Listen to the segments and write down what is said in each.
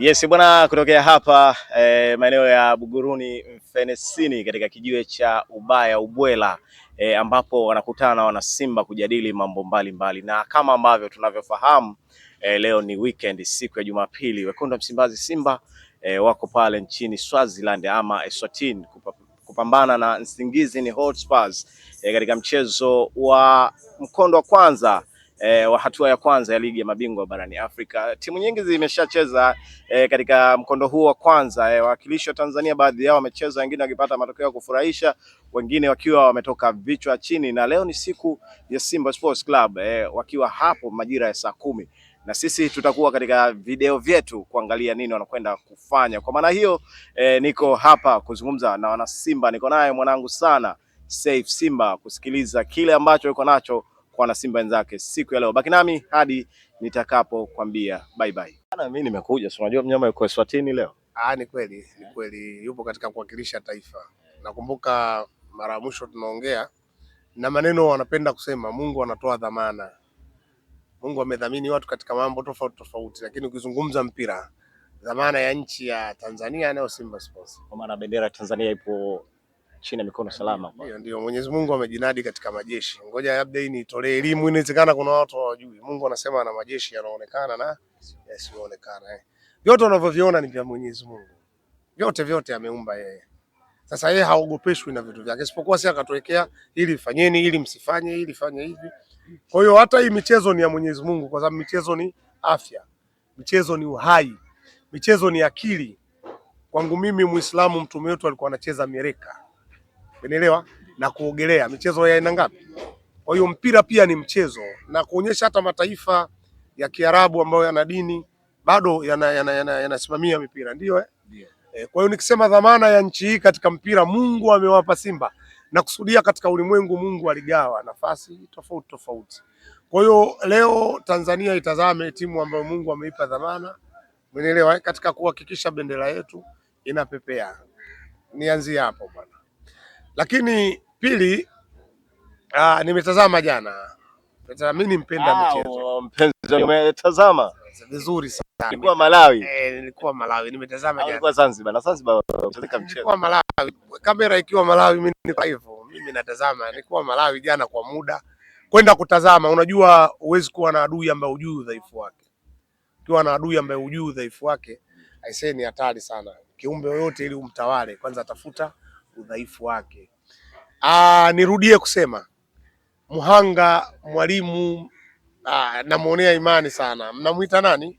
Yes bwana, kutokea hapa eh, maeneo ya Buguruni Mfenesini katika kijiwe cha Ubaya Ubwela eh, ambapo wanakutana wana wanasimba kujadili mambo mbalimbali mbali. Na kama ambavyo tunavyofahamu eh, leo ni weekend, siku ya Jumapili, wekundu wa Msimbazi Simba eh, wako pale nchini Swaziland ama Eswatini kupambana na Nsingizini Hotspurs eh, katika mchezo wa mkondo wa kwanza e, wa hatua ya kwanza ya ligi ya mabingwa barani Afrika. Timu nyingi zimeshacheza e, katika mkondo huu wa kwanza e, wawakilishi wa Tanzania baadhi yao wamecheza, wengine wakipata matokeo ya kufurahisha, wengine wakiwa wametoka vichwa chini, na leo ni siku ya Simba Sports Club e, wakiwa hapo majira ya saa kumi na sisi tutakuwa katika video vyetu kuangalia nini wanakwenda kufanya. Kwa maana hiyo e, niko hapa kuzungumza na wanasimba, niko naye mwanangu sana Saif Simba kusikiliza kile ambacho yuko nacho kwa wanasimba wenzake siku ya leo. Baki nami hadi nitakapokwambia bye bye. Mimi nimekuja, si unajua mnyama yuko Eswatini leo. Ah, ni kweli, ni kweli yupo katika kuwakilisha taifa. Nakumbuka mara ya mwisho tunaongea na maneno wanapenda kusema Mungu anatoa dhamana. Mungu amedhamini watu katika mambo tofauti tofauti, lakini ukizungumza mpira, dhamana ya nchi ya Tanzania nayo Simba Sports. Kwa maana bendera ya Tanzania ipo chini ya mikono salama. Ndio Mwenyezi Mungu amejinadi katika majeshi. Ngoja labda hii nitolee elimu, inawezekana kuna watu hawajui. Mungu anasema ana majeshi yanaonekana na yasiyoonekana eh. Vyote unavyoviona ni vya Mwenyezi Mungu, vyote vyote ameumba yeye. Sasa yeye haogopeshwi na vitu vyake, isipokuwa si akatuwekea ili fanyeni, ili msifanye, ili fanye hivi. Kwa hiyo hata hii michezo ni ya Mwenyezi Mungu, kwa sababu michezo ni afya, michezo ni uhai, michezo ni akili. Kwangu mimi Muislamu, mtume wetu alikuwa anacheza mireka Umeelewa? Na kuogelea michezo ya aina ngapi? Kwa hiyo mpira pia ni mchezo, na kuonyesha hata mataifa ya Kiarabu ambayo yana dini bado yanasimamia yana, yana, yana mipira ndio eh? Yeah. kwa hiyo nikisema dhamana ya nchi hii katika mpira Mungu amewapa Simba na kusudia katika ulimwengu Mungu aligawa nafasi tofauti tofauti. Kwa hiyo leo Tanzania itazame timu ambayo Mungu ameipa dhamana, umeelewa, eh? katika kuhakikisha bendera yetu inapepea. Nianzie hapo bwana. Lakini pili, aa, ah, nimetazama jana. Mimi ni mpenda ah, michezo. Oh, mpenzi, umetazama? Vizuri sana. Nilikuwa Malawi. Eh, nilikuwa Malawi. Nimetazama ah, jana. Nilikuwa Zanzibar. Na Zanzibar unachezeka mchezo. Nilikuwa Malawi. Kamera ikiwa Malawi mimi niko hivyo. Mimi natazama. Nilikuwa Malawi jana kwa muda kwenda kutazama. Unajua huwezi kuwa na adui ambaye hujui udhaifu wake. Ukiwa na adui ambaye hujui udhaifu wake, aisee, ni hatari sana. Kiumbe yoyote ili umtawale, kwanza atafuta udhaifu wake. Aa, ah, nirudie kusema Muhanga mwalimu ah, namwonea imani sana. Mnamwita nani?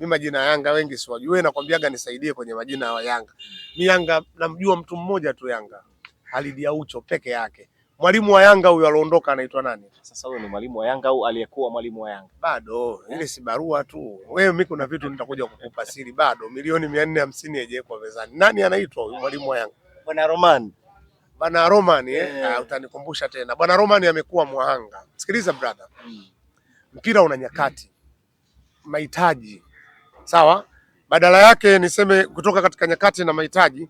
Mi majina ya Yanga wengi siwajui, wewe nakwambiaga nisaidie kwenye majina ya Yanga. Mi Yanga namjua mtu mmoja tu Yanga, Halidi Aucho peke yake. Mwalimu wa Yanga huyo aliondoka anaitwa nani? Sasa huyo ni mwalimu wa Yanga au aliyekuwa mwalimu wa Yanga? Bado ile si barua tu. Wewe mimi kuna vitu nitakuja kukupa siri bado. Milioni mia nne hamsini haijawekwa mezani. Nani anaitwa huyo mwalimu wa Yanga? Bwana Roman. Bwana Roman yeah. Eh, eh. Ah, utanikumbusha tena. Bwana Roman amekuwa mwahanga. Sikiliza brother. Mm. Mpira una nyakati, mahitaji. Sawa? Badala yake niseme kutoka katika nyakati na mahitaji,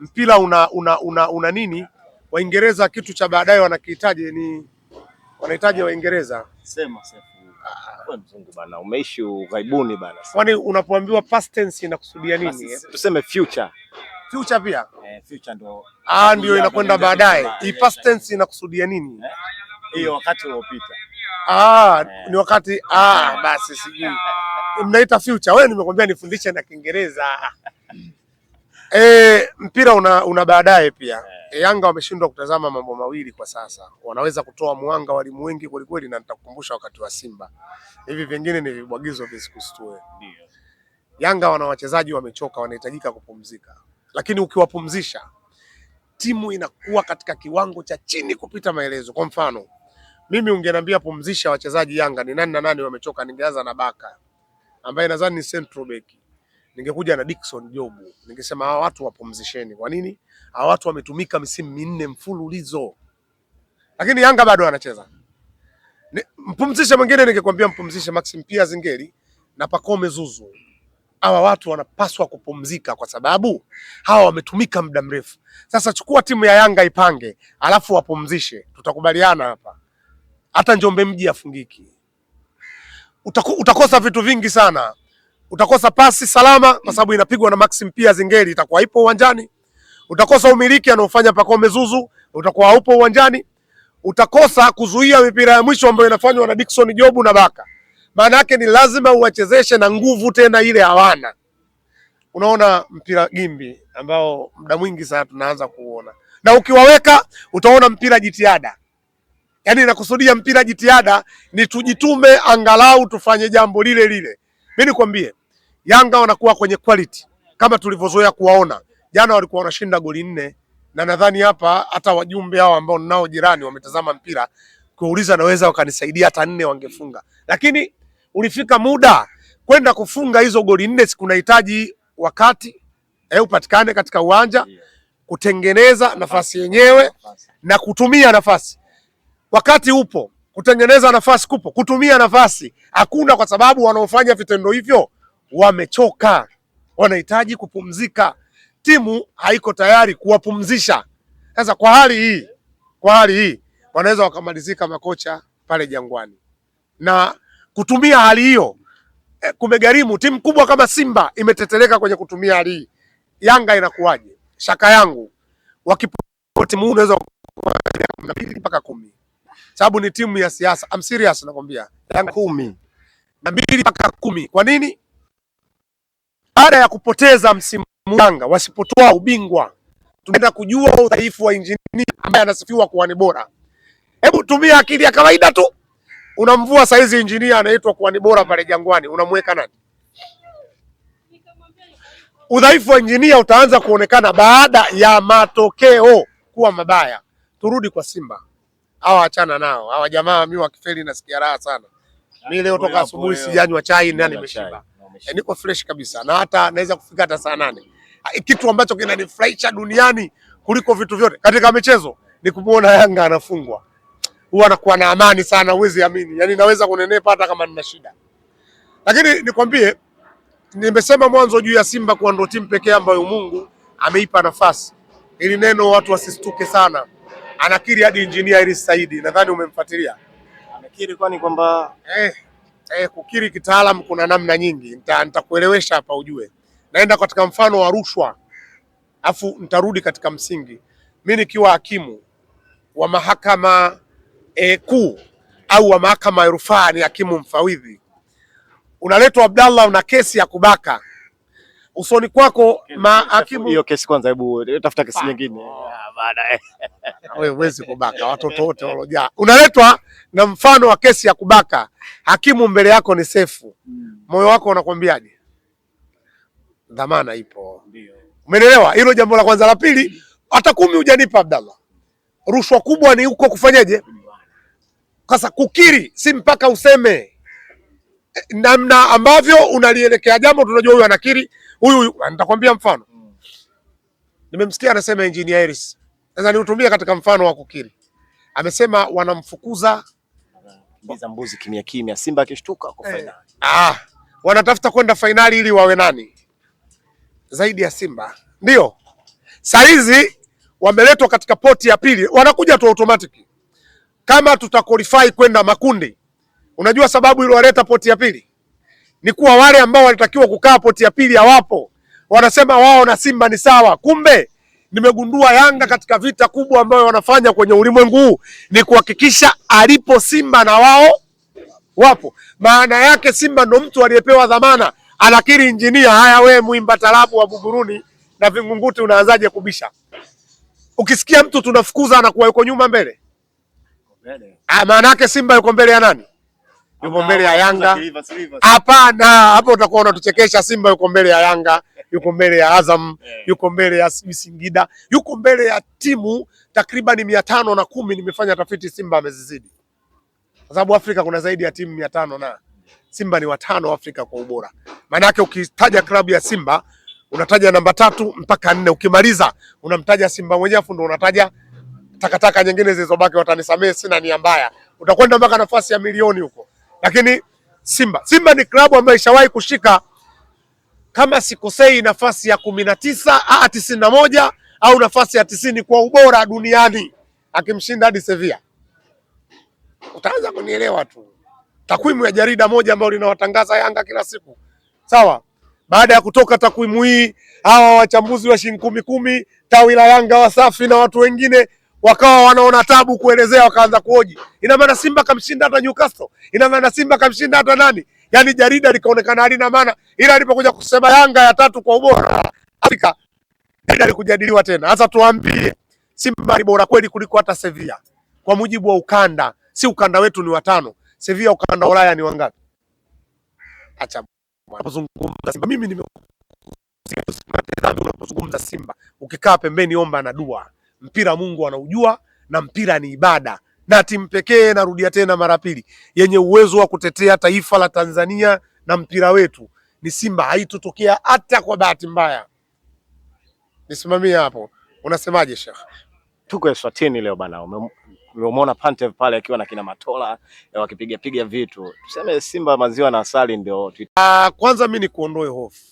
mpira una una, una, una nini? Waingereza kitu cha baadaye wanakihitaji ni wanahitaji Waingereza. Sema sema. Bana, umeishi ughaibuni bana. Kwani unapoambiwa past tense inakusudia nini? Eh? Tuseme future future pia eh, future ndo ah, ndio inakwenda baadaye. I past tense inakusudia nini eh, hiyo? Wakati uliopita. Ah, eh. ni wakati ah, basi sijui mnaita future. Wewe nimekwambia nifundishe na Kiingereza eh, mpira una, una baadaye pia eh. Yanga wameshindwa kutazama mambo mawili kwa sasa. Wanaweza kutoa mwanga walimu wengi kwelikweli, na nitakukumbusha wakati wa Simba. Hivi vingine ni vibwagizo visikusitue. Yanga wana wachezaji wamechoka, wanahitajika kupumzika lakini ukiwapumzisha timu inakuwa katika kiwango cha chini kupita maelezo. Kwa mfano mimi ungeniambia pumzisha wachezaji Yanga ni nani na nani wamechoka, ningeanza na Baka ambaye nadhani ni central back, ningekuja na Dickson Jobu, ningesema hawa watu wapumzisheni. Kwa nini? Hawa watu wametumika misimu minne mfululizo, lakini Yanga bado anacheza. Mpumzishe mwingine, ningekwambia mpumzishe Maxim Pia Zingeli na Pakome Zuzu hawa watu wanapaswa kupumzika kwa sababu hawa wametumika muda mrefu. Sasa chukua timu ya Yanga ipange, alafu wapumzishe, tutakubaliana hapa. Hata Njombe mji afungiki, utakosa vitu vingi sana. Utakosa pasi salama kwa sababu inapigwa na Maxim, pia Zingeli itakuwa ipo uwanjani. Utakosa umiliki anaofanya Pacome Zuzu, utakuwa upo uwanjani. Utakosa kuzuia mipira ya mwisho ambayo inafanywa na Dickson Jobu na Baka maana yake ni lazima uwachezeshe na nguvu, tena ile hawana. Unaona mpira gimbi ambao muda mwingi sana tunaanza kuona, na ukiwaweka utaona mpira jitihada. Yaani nakusudia mpira jitihada ni tujitume, angalau tufanye jambo lile lile. Mimi nikwambie, Yanga wanakuwa kwenye quality kama tulivyozoea kuwaona. Jana walikuwa wanashinda goli nne, na nadhani hapa hata wajumbe hao ambao ninao jirani wametazama mpira kuuliza, naweza wakanisaidia hata nne wangefunga, lakini ulifika muda kwenda kufunga hizo goli nne, kunahitaji wakati eh, upatikane katika uwanja kutengeneza nafasi yenyewe na kutumia nafasi. Wakati upo, kutengeneza nafasi kupo, kutumia nafasi hakuna, kwa sababu wanaofanya vitendo hivyo wamechoka, wanahitaji kupumzika. Timu haiko tayari kuwapumzisha. Sasa kwa hali hii, kwa hali hii wanaweza wakamalizika makocha pale Jangwani na kutumia hali hiyo e, eh, kumegharimu. Timu kubwa kama Simba imeteteleka kwenye kutumia hali hii, Yanga inakuwaje? Shaka yangu wakipo timu hii unaweza mbili mpaka kumi, sababu ni timu ya siasa. I'm serious nakwambia, Yanga kumi na mbili mpaka kumi. Kwa nini? Baada ya kupoteza msimu, Yanga wasipotoa ubingwa, tunaenda kujua udhaifu wa injinia ambaye anasifiwa kuwa ni bora. Hebu tumia akili ya kawaida tu Unamvua saizi injinia anaitwa kuwa ni bora pale Jangwani, unamweka nani? Udhaifu wa injinia utaanza kuonekana baada ya matokeo kuwa mabaya. Turudi kwa Simba, hawa achana nao hawa jamaa. Mi wakifeli nasikia raha sana. Mi leo toka asubuhi sijanywa chai na nimeshiba, e, niko fresh kabisa, na hata naweza kufika hata saa nane, ah, kitu ambacho kinanifurahisha duniani kuliko vitu vyote katika michezo ni kumuona Yanga anafungwa huwa nakuwa na amani sana, uwezi amini. Yani naweza kunenepa hata kama nina shida. Lakini nikwambie, nimesema mwanzo juu ya Simba kuwa ndio timu pekee ambayo Mungu ameipa nafasi. Ili neno watu wasistuke sana. Anakiri hadi Injinia ili Saidi, nadhani umemfuatilia. Amekiri kwani kwamba eh, eh, kukiri kitaalamu kuna namna nyingi. Nitakuelewesha hapa ujue. Naenda katika mfano wa rushwa, afu nitarudi katika msingi. Mimi nikiwa hakimu wa mahakama e, kuu au wa mahakama ya rufaa ni hakimu mfawidhi, unaletwa Abdallah una kesi ya kubaka usoni kwako mahakimu. Hiyo kesi kwanza, hebu tafuta kesi nyingine ah, ah, baadaye. Wewe huwezi kubaka watoto wote waloja. Unaletwa na mfano wa kesi ya kubaka, hakimu mbele yako ni Sefu, hmm. moyo wako unakwambiaje? Dhamana ipo, umeelewa? Hilo jambo la kwanza. La pili, hata kumi hujanipa Abdallah. Rushwa kubwa ni huko kufanyaje sasa kukiri si mpaka useme namna ambavyo unalielekea jambo. Tunajua huyu anakiri, huyu nitakwambia mfano. Nimemsikia anasema Engineer Hersi, sasa niutumie katika mfano wa kukiri. Amesema wanamfukuza mbuzi kimya kimya, Simba akishtuka kwa eh. fainali. Ah, wanatafuta kwenda fainali ili wawe nani zaidi ya Simba? Ndio saa hizi wameletwa katika poti ya pili, wanakuja tu automatic kama tutakwalify kwenda makundi. Unajua sababu iliwaleta poti ya pili ni kuwa wale ambao walitakiwa kukaa poti ya pili hawapo, wanasema wao na Simba ni sawa. Kumbe nimegundua Yanga katika vita kubwa ambayo wanafanya kwenye ulimwengu huu ni kuhakikisha alipo Simba na wao wapo. Maana yake Simba ndo mtu aliyepewa dhamana, anakiri injinia. Haya, we mwimba tarabu wa Buguruni na Vingunguti, unaanzaje kubisha? Ukisikia mtu tunafukuza anakuwa yuko nyuma mbele Ah, yaani. maana yake Simba yuko mbele ya nani? Yuko mbele ya Yanga? Hapana, hapo utakuwa unatuchekesha. Simba yuko mbele ya Yanga, yuko mbele ya Azam, eh. yuko mbele ya Singida, yuko mbele ya timu takriban mia tano na kumi. Nimefanya tafiti, Simba amezizidi kwa sababu Afrika kuna zaidi ya timu mia tano na Simba ni watano Afrika kwa ubora. Maana yake ukitaja klabu ya Simba unataja namba tatu mpaka nne, ukimaliza unamtaja Simba mwenyewe afu ndo unataja takataka nyingine zilizobaki watanisamee, sina nia mbaya. Utakwenda mpaka nafasi ya milioni huko, lakini Simba Simba ni klabu ambayo ishawahi kushika kama sikosei, nafasi ya kumi na tisa a tisini na moja au nafasi ya tisini kwa ubora duniani, akimshinda hadi Sevilla. Utaanza kunielewa tu, takwimu ya jarida moja ambayo linawatangaza Yanga kila siku, sawa. Baada ya kutoka takwimu hii, hawa wachambuzi wa shilingi kumi kumi, tawi la Yanga, Wasafi na watu wengine wakawa wanaona tabu kuelezea, wakaanza kuoji, ina maana Simba kamshinda hata Newcastle, ina maana Simba kamshinda hata nani. Yani jarida likaonekana halina maana, ila alipokuja kusema Yanga ya tatu kwa ubora Afrika jarida likujadiliwa tena. Sasa tuambie, Simba ni bora kweli kuliko hata Sevilla kwa mujibu wa ukanda? Si ukanda wetu ni watano, Sevilla ukanda wa Ulaya ni wangapi? Acha unapozungumza Simba, mimi nimekuzungumza Simba ukikaa pembeni omba na dua Mpira Mungu anaujua na mpira ni ibada, na timu pekee, narudia tena mara pili, yenye uwezo wa kutetea taifa la Tanzania na mpira wetu ni Simba. Haitotokea hata kwa bahati mbaya. Nisimamie hapo, unasemaje Sheikh? Tuko Eswatini leo bana, umeona Pantev pale akiwa na kina Matola eh, wakipiga piga vitu, tuseme Simba maziwa na asali ndio. Ah, kwanza mimi ni kuondoe hofu,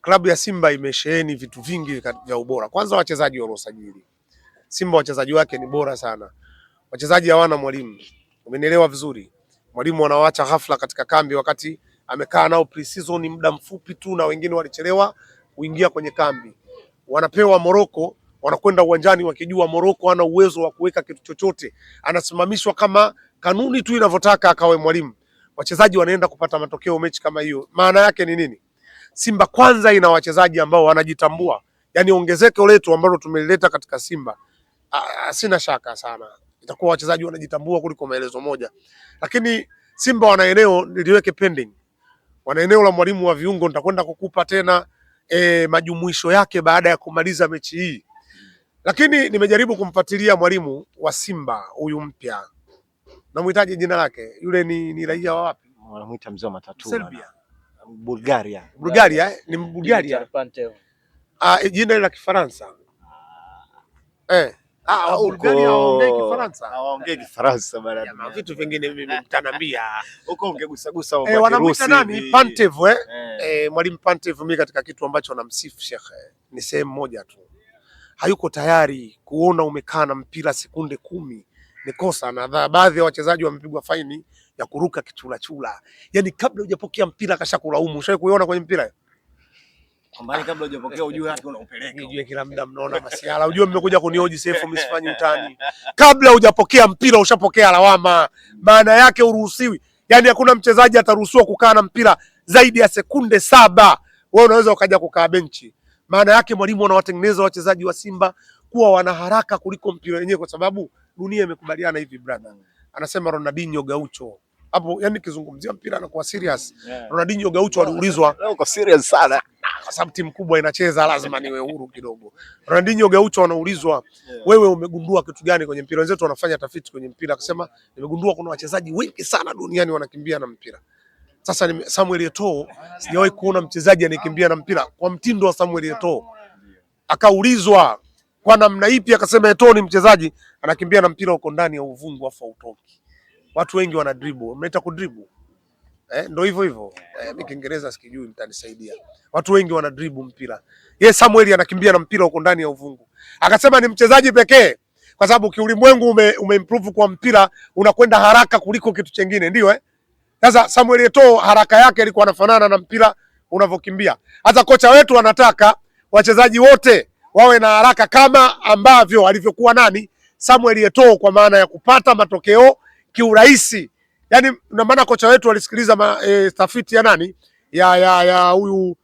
klabu ya Simba imesheheni vitu vingi vya ubora. Kwanza wachezaji waliosajili Simba wachezaji wake ni bora sana, wachezaji hawana mwalimu. Umenielewa vizuri? Mwalimu anawaacha ghafla katika kambi, wakati amekaa nao pre-season muda mfupi tu, na wengine walichelewa kuingia kwenye kambi. Wanapewa Moroko, wanakwenda uwanjani wakijua Moroko ana uwezo wa kuweka kitu chochote, anasimamishwa kama kanuni tu inavyotaka akawe mwalimu. Wachezaji wanaenda kupata matokeo mechi kama hiyo. Maana yake ni nini? Simba kwanza ina wachezaji ambao wanajitambua, yani ongezeko letu ambalo tumelileta katika Simba a, ah, ah, sina shaka sana itakuwa wachezaji wanajitambua kuliko maelezo moja, lakini Simba wana eneo niliweke pending, wana eneo la mwalimu wa viungo. Nitakwenda kukupa tena e, majumuisho yake baada ya kumaliza mechi hii, lakini nimejaribu kumfuatilia mwalimu wa Simba huyu mpya, namhitaji jina lake yule, ni, ni raia wa wapi? Wanamuita mzee wa matatu, Serbia, Bulgaria, Bulgaria eh? ni Bulgaria. Ah, eh, jina la Kifaransa ah. eh Ah, yaani hawaongei Kifaransa bana, vitu vingine eh. mimi mtanambia huko eh, nani Pantev, eh? eh eh, mwalimu Pantev. Mimi katika kitu ambacho anamsifu Sheikh ni sehemu moja tu, hayuko tayari kuona umekaa na mpira sekunde kumi ni kosa, na baadhi ya wachezaji wamepigwa faini ya kuruka kichulachula, yaani kabla hujapokea mpira kashakulaumu. Ushawahi kuiona kwenye mpira kwamba kabla hujapokea ujue hata unaupeleka. Nijue kila muda mnaona masiala. Ujue mmekuja kunioji sefu msifanyi utani. Kabla hujapokea mpira ushapokea lawama. Maana yake uruhusiwi. Yaani hakuna mchezaji ataruhusiwa kukaa na mpira zaidi ya sekunde saba. Wewe unaweza ukaja kukaa benchi. Maana yake mwalimu anawatengeneza wachezaji wa Simba kuwa wana haraka kuliko mpira wenyewe kwa sababu dunia imekubaliana hivi brother. Anasema Ronaldinho Gaucho hapo, yani kizungumzia mpira na kwa serious yeah. Ronaldinho Gaucho aliulizwa leo kwa serious sana kwa sababu timu kubwa inacheza lazima niwe huru kidogo. Ronaldinho Gaucho anaulizwa yeah. Wewe umegundua kitu gani kwenye mpira? Wenzetu wanafanya tafiti kwenye mpira, akasema nimegundua kuna wachezaji wengi sana duniani wanakimbia na mpira. Sasa ni Samuel Eto'o, sijawahi kuona mchezaji anikimbia na mpira kwa mtindo wa Samuel Eto'o. Akaulizwa kwa namna ipi, akasema Eto'o ni mchezaji anakimbia na mpira, uko ndani ya uvungu afa utoki watu wengi wana dribble, wameleta ku dribble eh, ndio hivyo hivyo eh, mimi Kiingereza sikijui, mtanisaidia. Watu wengi wana dribble mpira. Ye Samuel anakimbia na mpira huko ndani ya uvungu, akasema ni mchezaji pekee, kwa sababu kiulimwengu ume, ume improve kwa mpira unakwenda haraka kuliko kitu chengine, ndio eh. Sasa Samuel Eto'o haraka yake ilikuwa anafanana na mpira unavyokimbia. Hata kocha wetu anataka wachezaji wote wawe na haraka kama ambavyo alivyokuwa nani Samuel Eto'o, kwa maana ya kupata matokeo kiurahisi. Yani na maana kocha wetu alisikiliza e, tafiti ya nani ya ya ya huyu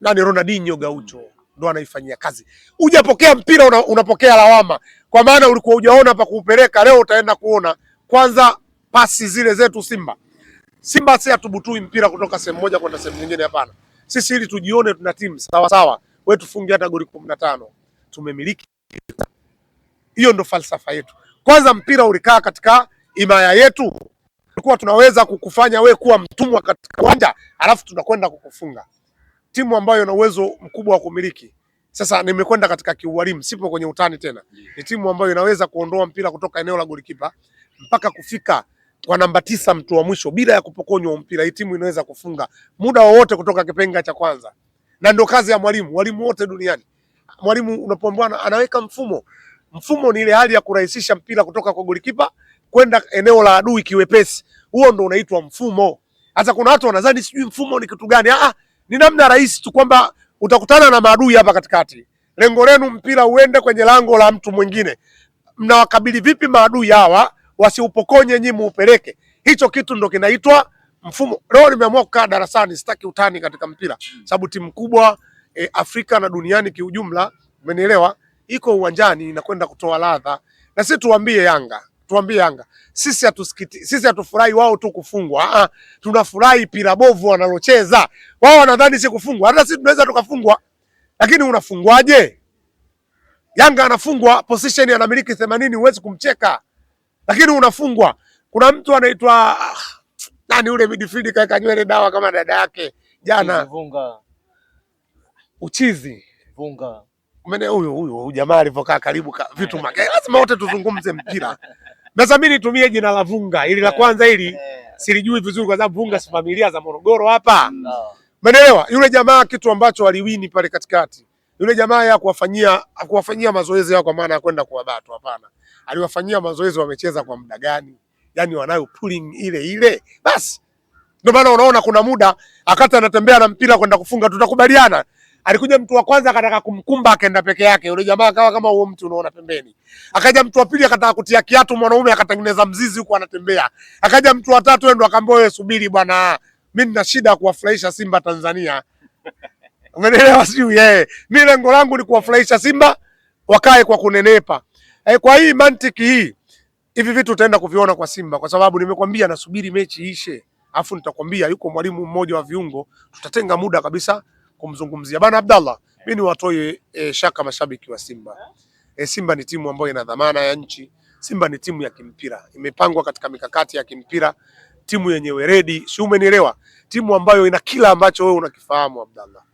nani Ronaldinho Gaucho ndo anaifanyia kazi. Ujapokea mpira una, unapokea lawama, kwa maana ulikuwa hujaona pa kupeleka, leo utaenda kuona. Kwanza pasi zile zetu Simba, Simba si atubutui mpira kutoka sehemu moja kwenda sehemu nyingine, hapana. Sisi ili tujione tuna timu sawa sawa, wewe tufunge hata goli 15 tumemiliki. Hiyo ndo falsafa yetu. Kwanza mpira ulikaa katika himaya yetu tulikuwa tunaweza kukufanya we kuwa mtumwa katika uwanja alafu tunakwenda kukufunga timu ambayo ina uwezo mkubwa wa kumiliki. Sasa nimekwenda katika kiualimu, sipo kwenye utani tena. Ni timu ambayo inaweza kuondoa mpira kutoka eneo la golikipa mpaka kufika kwa namba tisa, mtu wa mwisho, bila ya kupokonywa mpira. Hii timu inaweza kufunga muda wowote kutoka kipenga cha kwanza, na ndio kazi ya mwalimu. Walimu wote duniani, mwalimu unapoambiwa anaweka mfumo, mfumo ni ile hali ya kurahisisha mpira kutoka kwa golikipa kwenda eneo la adui kiwepesi. Huo ndo unaitwa mfumo. Hata kuna watu wanadhani sijui mfumo ni kitu gani. Ah, ah, ni namna rahisi tu kwamba utakutana na maadui hapa katikati, lengo lenu mpira uende kwenye lango la mtu mwingine. Mnawakabili vipi maadui hawa wasiupokonye nyinyi muupeleke? Hicho kitu ndo kinaitwa mfumo. Leo nimeamua kukaa darasani, sitaki utani katika mpira, sababu timu kubwa e, Afrika na duniani kiujumla, umenielewa, iko uwanjani inakwenda kutoa ladha, na sisi tuambie Yanga tuambie Yanga, sisi hatusikiti, sisi hatufurahi wao tu kufungwa. Ah, ah, tunafurahi pira bovu wanalocheza wao. Wanadhani si kufungwa, hata sisi tunaweza tukafungwa, lakini unafungwaje? Yanga anafungwa position, anamiliki 80, huwezi kumcheka, lakini unafungwa. Kuna mtu anaitwa ah, nani ule midfield kaeka nywele dawa kama dada yake jana, Vunga uchizi Vunga mene huyo huyo jamaa alivyokaa karibu ka, vitu magari lazima wote tuzungumze mpira. Sasa mimi nitumie jina la Vunga ili la eh, kwanza ili eh. silijui vizuri kwa sababu Vunga si familia za Morogoro hapa. Mm. Umeelewa? Yule jamaa kitu ambacho aliwini pale katikati. Yule jamaa ya kuwafanyia akuwafanyia mazoezi yao kwa maana ya kwenda kuwabatu hapana. Aliwafanyia mazoezi wamecheza kwa muda gani? Yaani wanayo pulling ile ile. Bas. ndio maana unaona kuna muda akata anatembea na mpira kwenda kufunga, tutakubaliana Alikuja mtu wa kwanza akataka kumkumba akaenda peke yake. Yule jamaa akawa kama huo mtu unaona pembeni. Akaja mtu wa pili akataka kutia kiatu mwanaume akatengeneza mzizi huko anatembea. Akaja mtu wa tatu ndo akaambia wewe subiri bwana. Mimi nina shida ya kuwafurahisha Simba Tanzania. Umeelewa sio yeye? Eh, Mimi lengo langu ni kuwafurahisha Simba wakae kwa kunenepa. E, kwa hii mantiki hii hivi vitu utaenda kuviona kwa Simba kwa sababu nimekwambia nasubiri mechi ishe. Afu nitakwambia yuko mwalimu mmoja wa viungo tutatenga muda kabisa kumzungumzia bana Abdallah. Mimi niwatoe e, shaka mashabiki wa Simba. E, Simba ni timu ambayo ina dhamana ya nchi. Simba ni timu ya kimpira, imepangwa katika mikakati ya kimpira, timu yenye weredi, si umenielewa? Timu ambayo ina kila ambacho wewe unakifahamu Abdallah.